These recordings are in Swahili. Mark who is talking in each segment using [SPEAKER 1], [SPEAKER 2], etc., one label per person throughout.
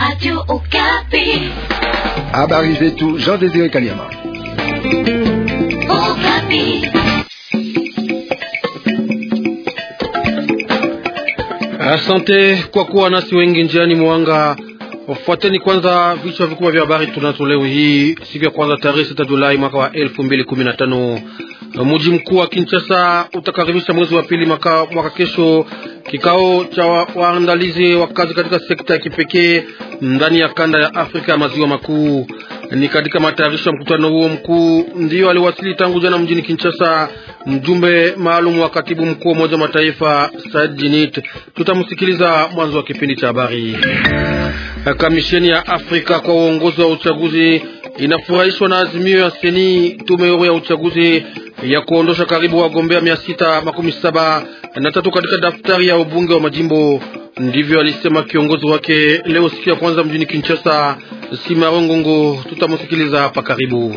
[SPEAKER 1] Radio Okapi. Habari zetu Jean Désiré Kanyama. Okapi.
[SPEAKER 2] Asante kwa kuwa nasi wengi njiani mwanga Fuateni kwanza vichwa vikubwa vya habari tunazo leo hii, siku ya kwanza tarehe 6 Julai mwaka wa tano. Mji mkuu wa Kinshasa utakaribisha mwezi wa pili mwaka, mwaka kesho kikao cha waandalizi wa kazi katika sekta ya kipekee ndani ya kanda ya Afrika ya maziwa makuu. Ni katika matayarisho ya mkutano huo mkuu ndiyo aliwasili tangu jana mjini Kinshasa mjumbe maalum wa katibu mkuu wa Umoja Mataifa Said Tutamsikiliza mwanzo wa kipindi cha habari. Kamisheni ya Afrika kwa uongozi wa uchaguzi inafurahishwa na azimio ya seni tume huru ya uchaguzi ya kuondosha karibu wagombea mia sita makumi saba na tatu katika daftari ya ubunge wa majimbo. Ndivyo alisema kiongozi wake leo siku ya kwanza mjini Kinshasa. Simarongongo, tutamusikiliza hapa karibu.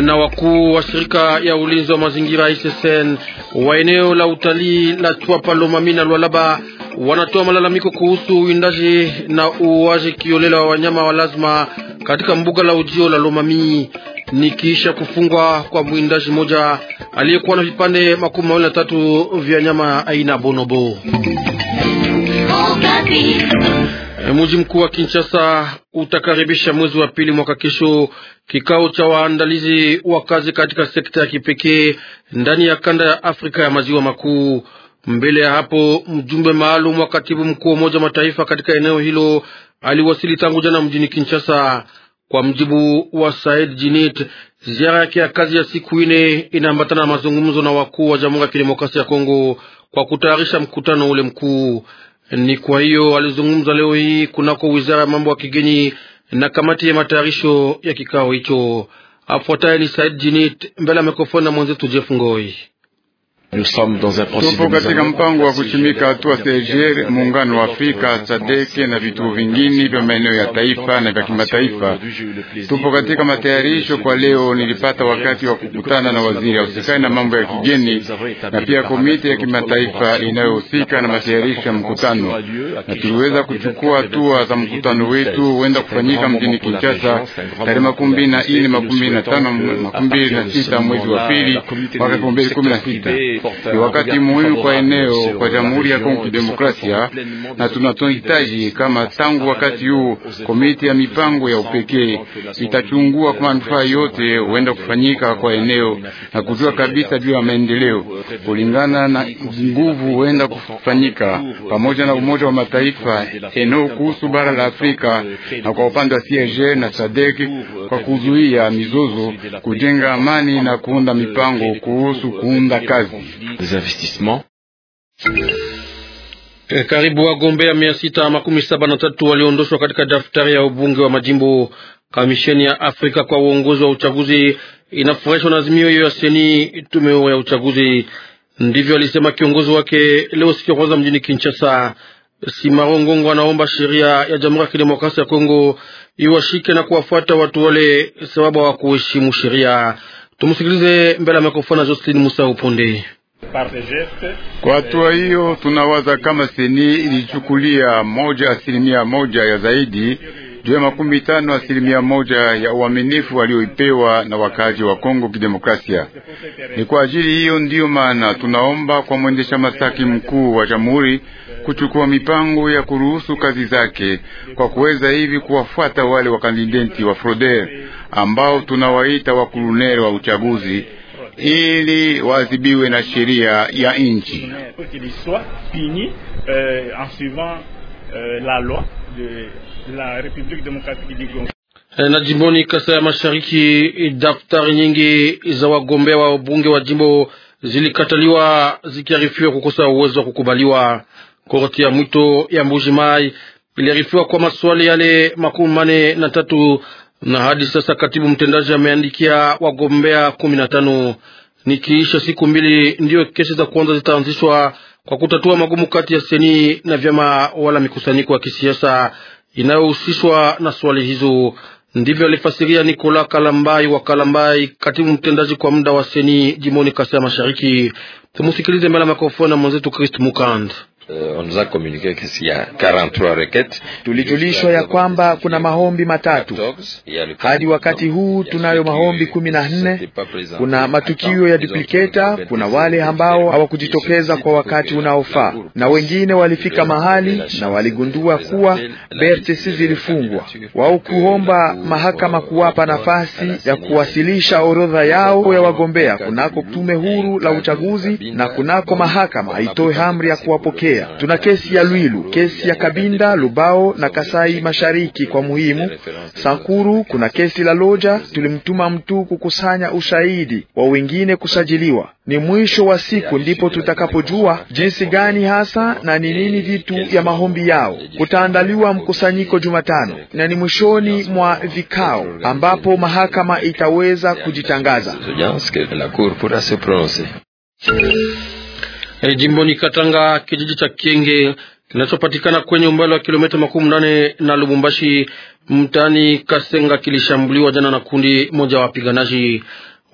[SPEAKER 2] Na wakuu wa shirika ya ulinzi wa mazingira ISSN wa eneo la utalii la Chwapa, Lomami na Lwalaba wanatoa malalamiko kuhusu uwindaji na uuaji kiolela wa wanyama wa lazima katika mbuga la ujio la Lomami nikiisha kufungwa kwa mwindaji mmoja aliyekuwa na vipande makumi mawili na tatu vya nyama aina bonobo. mji mkuu wa Kinshasa utakaribisha mwezi wa pili mwaka kesho kikao cha waandalizi wa kazi katika sekta ya kipekee ndani ya kanda ya Afrika ya maziwa makuu. Mbele ya hapo, mjumbe maalum wa katibu mkuu wa Umoja Mataifa katika eneo hilo aliwasili tangu jana mjini Kinshasa. Kwa mjibu wa Said Jinit, ziara yake ya kazi ya siku ine inaambatana na mazungumzo na wakuu wa Jamhuri ya Kidemokrasia ya Kongo kwa kutayarisha mkutano ule mkuu. Ni kwa hiyo alizungumza leo hii kunako wizara ya mambo ya kigeni na kamati ya matayarisho ya kikao hicho. Afuataye ni Said Jinit mbele ya mikrofoni na mwenzetu Jeff Ngoi.
[SPEAKER 3] Tupo katika mpango wa kuchimika hatua CGR muungano wa Afrika sadeke na vituo vingine vya maeneo ya taifa na vya kimataifa. Tupo katika matayarisho. Kwa leo nilipata wakati wa kukutana na waziri ausikani na mambo ya kigeni na pia komiti ya kimataifa inayohusika na matayarisho ya mkutano, na tuliweza kuchukua hatua za mkutano wetu huenda kufanyika mjini Kinshasa tarehe makumi mbili na ine makumi mbili na tano makumi mbili na sita mwezi wa pili mwaka elfu mbili kumi na sita. Ni wakati muhimu kwa eneo kwa Jamhuri ya Kongo Kidemokrasia, na tunatohitaji kama tangu wakati huu komiti ya mipango ya upekee itachungua kwa manufaa yote huenda kufanyika kwa eneo na kujua kabisa juu ya maendeleo kulingana na nguvu huenda kufanyika pamoja na Umoja wa Mataifa eneo kuhusu bara la Afrika na kwa upande wa CIG na SADC kwa kuzuia mizozo, kujenga amani na kuunda mipango kuhusu kuunda kazi des investissements.
[SPEAKER 2] Eh, karibu wagombea mia sita makumi saba na tatu waliondoshwa katika daftari ya ubunge wa majimbo. Kamisheni ya Afrika kwa uongozi wa uchaguzi inafurahishwa na azimio hiyo ya seni tume ya uchaguzi. Ndivyo alisema kiongozi wake leo siku ya kwanza mjini Kinshasa. Simaro Ngongo anaomba sheria ya Jamhuri ya Kidemokrasia ya Kongo iwashike na kuwafuata watu wale sababu hawakuheshimu sheria. Tumsikilize mbele ya mikrofoni ya Jocelyn Musa Uponde.
[SPEAKER 3] Kwa hatua hiyo, tunawaza kama seni ilichukulia moja asilimia moja ya zaidi juu ya makumi tano asilimia moja ya uaminifu walioipewa na wakaji wa Kongo Kidemokrasia. Ni kwa ajili hiyo ndiyo maana tunaomba kwa mwendesha masaki mkuu wa jamhuri kuchukua mipango ya kuruhusu kazi zake kwa kuweza hivi kuwafuata wale wakandidenti wa Froder e ambao tunawaita wakuluneri wa uchaguzi ili waadhibiwe na sheria ya nchi. Euh, euh,
[SPEAKER 2] eh, na jimboni Kasa ya Mashariki, daftari nyingi za wagombea wa ubunge wa jimbo zilikataliwa zikiarifiwa kukosa uwezo wa kukubaliwa. Korti ya mwito ya Mbuji Mai iliarifiwa kwa maswali yale makumi mane na tatu na hadi sasa katibu mtendaji ameandikia wagombea kumi na tano. Nikiisha siku mbili ndiyo kesi za kwanza zitaanzishwa kwa kutatua magumu kati ya seni na vyama wala mikusanyiko ya kisiasa inayohusishwa na swali hizo. Ndivyo alifasiria Nikola Kalambai wa Kalambai, katibu mtendaji kwa muda wa seni jimoni Kasai Mashariki. Tumusikilize mbele ya makofoni na mwenzetu Christ Mukand on nous a communiqué s'il y a 43 requêtes. Tulijulishwa
[SPEAKER 1] ya kwamba kuna maombi matatu hadi wakati huu, tunayo maombi kumi na nne. Kuna matukio ya duplicata, kuna wale ambao hawakujitokeza kwa wakati unaofaa, na wengine walifika mahali na waligundua kuwa BRTC zilifungwa, wao kuomba mahakama kuwapa nafasi ya kuwasilisha orodha yao ya wagombea kunako tume huru la uchaguzi na kunako mahakama itoe amri ya kuwapokea kuendelea. Tuna kesi ya Lwilu, kesi ya Kabinda, Lubao na Kasai Mashariki kwa muhimu. Sankuru kuna kesi la Loja, tulimtuma mtu kukusanya ushahidi wa wengine kusajiliwa. Ni mwisho wa siku ndipo tutakapojua jinsi gani hasa na ni nini vitu ya mahombi yao. Kutaandaliwa mkusanyiko Jumatano na ni mwishoni mwa vikao ambapo mahakama itaweza kujitangaza.
[SPEAKER 2] E, eh, jimboni Katanga, kijiji cha Kienge kinachopatikana kwenye umbali wa kilomita makumi nane na Lubumbashi, mtaani Kasenga, kilishambuliwa jana na kundi moja wa wapiganaji.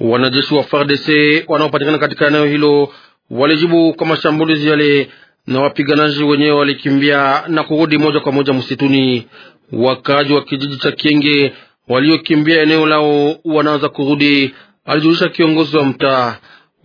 [SPEAKER 2] Wanajeshi wa FARDC wanaopatikana katika eneo hilo walijibu kwa mashambulizi yale, na wapiganaji wenyewe walikimbia na kurudi moja kwa moja msituni. Wakaaji wa kijiji cha Kienge waliokimbia eneo lao wanaanza kurudi, alijulisha kiongozi wa mtaa.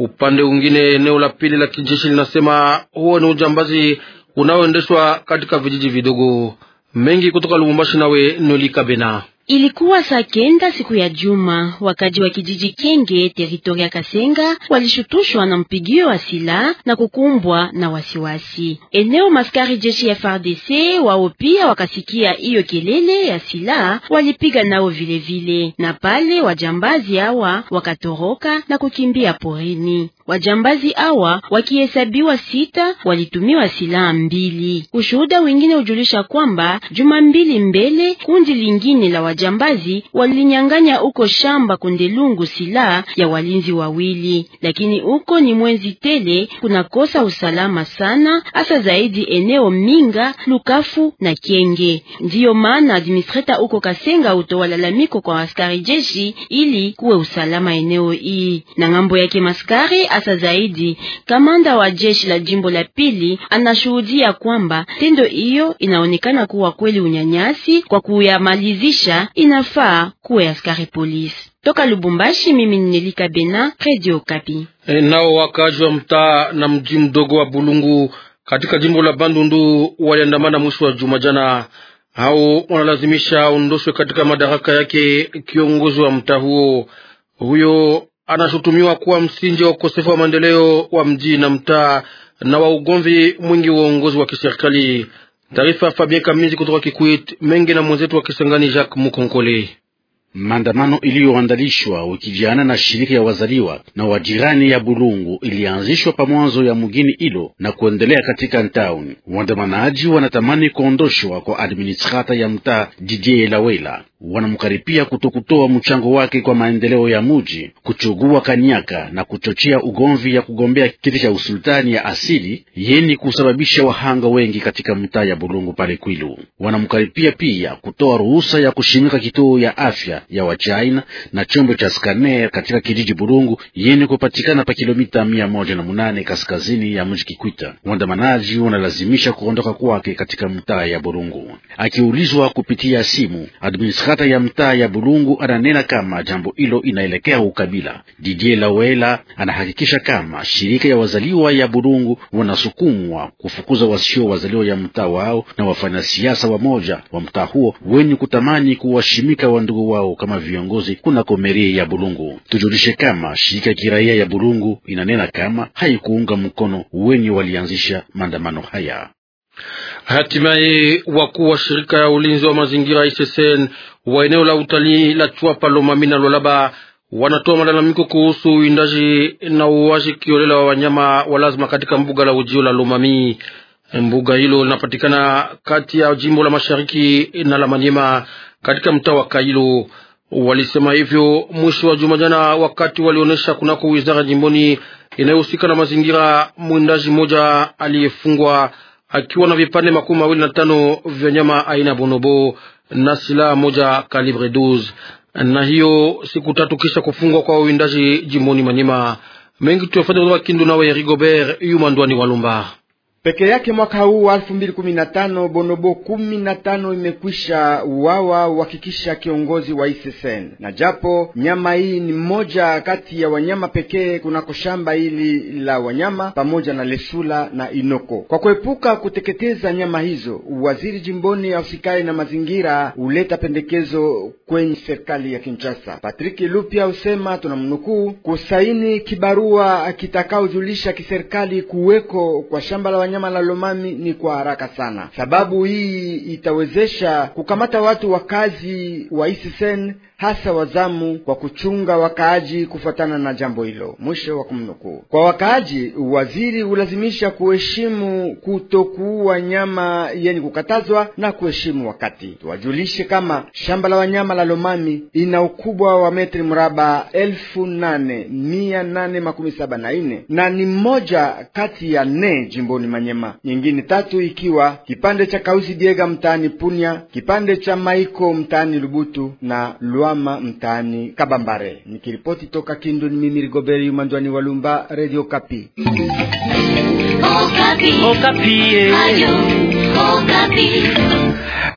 [SPEAKER 2] Upande mwingine, eneo la pili la kijeshi linasema huo ni ujambazi unaoendeshwa katika vijiji vidogo mengi. Kutoka Lubumbashi nawe Nolika Bena.
[SPEAKER 4] Ilikuwa saa kenda siku ya juma, wakaji wa kijiji Kenge teritoria Kasenga walishutushwa na mpigio wa silaha na kukumbwa na wasiwasi eneo. Maskari jeshi ya FARDC wao pia wakasikia hiyo kelele ya silaha, walipiga nao vilevile vile. Na pale wajambazi hawa wakatoroka na kukimbia porini. Wajambazi hawa wakihesabiwa sita walitumiwa silaha mbili. Ushuhuda wengine hujulisha kwamba juma mbili mbele kundi lingine la wajambazi walinyang'anya huko shamba Kundelungu silaha ya walinzi wawili, lakini huko ni mwenzi tele, kunakosa usalama sana, hasa zaidi eneo Minga, Lukafu na Kenge. Ndiyo maana administrator huko Kasenga hutoa lalamiko kwa askari jeshi ili kuwe usalama eneo hii na ngambo yake maskari kisiasa zaidi, kamanda wa jeshi la jimbo la pili anashuhudia kwamba tendo hiyo inaonekana kuwa kweli unyanyasi. Kwa kuyamalizisha, inafaa kuwe askari polisi. Toka Lubumbashi, mimi ninelika Bena, Radio Kapi.
[SPEAKER 2] E, nao wakaaji wa mtaa na mji mdogo wa Bulungu katika jimbo la Bandundu waliandamana mwisho wa juma jana. Hao wanalazimisha ondoshwe katika madaraka yake kiongozi wa mtaa huo. Huyo anashutumiwa kuwa msingi wa ukosefu wa maendeleo wa mji na mtaa na wa ugomvi mwingi wa uongozi wa kiserikali. Taarifa ya Fabien Kamizi kutoka Kikwit mengi na mwenzetu wa Kisangani Jacques Mukonkole. Maandamano iliyoandalishwa
[SPEAKER 5] wiki jana na shirika ya wazaliwa na wajirani ya Bulungu ilianzishwa mwanzo ya mgini ilo na kuendelea katika town. Waandamanaji wanatamani kuondoshwa kwa administrata ya mtaa Didier Lawela wanamkaripia kutokutoa mchango wake kwa maendeleo ya muji, kuchugua kanyaka na kuchochea ugomvi ya kugombea kiti cha usultani ya asili yeni kusababisha wahanga wengi katika mtaa ya Bulungu pale Kwilu. Wanamkaripia pia kutoa ruhusa ya kushimika kituo ya afya ya Wachaina na chombo cha skaner katika kijiji Bulungu yeni kupatikana pa kilomita mia moja na munane kaskazini ya mji Kikwita. Waandamanaji wanalazimisha kuondoka kwake katika mtaa ya Bulungu. Akiulizwa kupitia simu administrator kata ya mtaa ya Bulungu ananena kama jambo hilo inaelekea ukabila. Didier Lawela anahakikisha kama shirika ya wazaliwa ya Bulungu wanasukumwa kufukuza wasio wazaliwa ya mtaa wao na wafanyasiasa wamoja wa mtaa huo wenye kutamani kuwashimika wandugu wao kama viongozi kunako merie ya Bulungu. Tujulishe kama shirika ya kiraia ya Bulungu inanena kama haikuunga mkono wenye walianzisha maandamano haya.
[SPEAKER 2] Hatimaye wakuu wa shirika ya ulinzi wa mazingira ISSN wa eneo la utalii la Chwapa Lomami na Lwalaba wanatoa malalamiko kuhusu uindaji na uuaji kiolela wa wanyama wa lazima katika mbuga la ujio la Lomami. Mbuga hilo linapatikana kati ya jimbo la Mashariki na la Manyema katika mtaa wa Kailo. Walisema hivyo mwisho wa juma jana, wakati walionyesha kunako wizara jimboni inayohusika na mazingira mwindaji mmoja aliyefungwa akiwa na vipande makumi mawili na tano vya nyama aina bonobo na silaha moja kalibre 12 na hiyo siku tatu kisha kufungwa kwa uwindaji jimboni Manyema. Mengi tuyafanya kutoka Kindu, nawe Rigobert yumandwani walumba Lumba.
[SPEAKER 1] Peke yake mwaka huu wa 2015 bonobo 15 imekwisha uwawa uhakikisha kiongozi wa issn Na japo nyama hii ni moja kati ya wanyama pekee kunako shamba hili la wanyama pamoja na Lesula na Inoko. Kwa kuepuka kuteketeza nyama hizo, waziri jimboni ya usikali na mazingira huleta pendekezo kwenye serikali ya Kinshasa. Patrick Lupia husema tunamnukuu, kusaini kibarua kitakaojulisha kiserikali kuweko kwa shamba la nyama la Lomami ni kwa haraka sana. Sababu hii itawezesha kukamata watu wakazi wa Isisen, hasa wazamu kwa kuchunga wakaaji kufuatana na jambo hilo. Mwisho wa kumnukuu. Kwa wakaaji, waziri hulazimisha kuheshimu kutokuua nyama yeni kukatazwa na kuheshimu wakati. Tuwajulishe kama shamba la wanyama la Lomami ina ukubwa wa metri mraba elfu nane mia nane makumi saba na nne na ni mmoja kati ya nne jimboni Manyema, nyingine tatu ikiwa kipande cha Kausi Diega mtaani Punya, kipande cha Maiko mtaani Lubutu na Luama mtaani Kabambare. Nikiripoti toka Kindu ni mimi Rigoberi Umandwani wa Lumba, Radio Kapi. Okapi.
[SPEAKER 4] Oh, Okapi. Oh, eh. Okapi. Oh,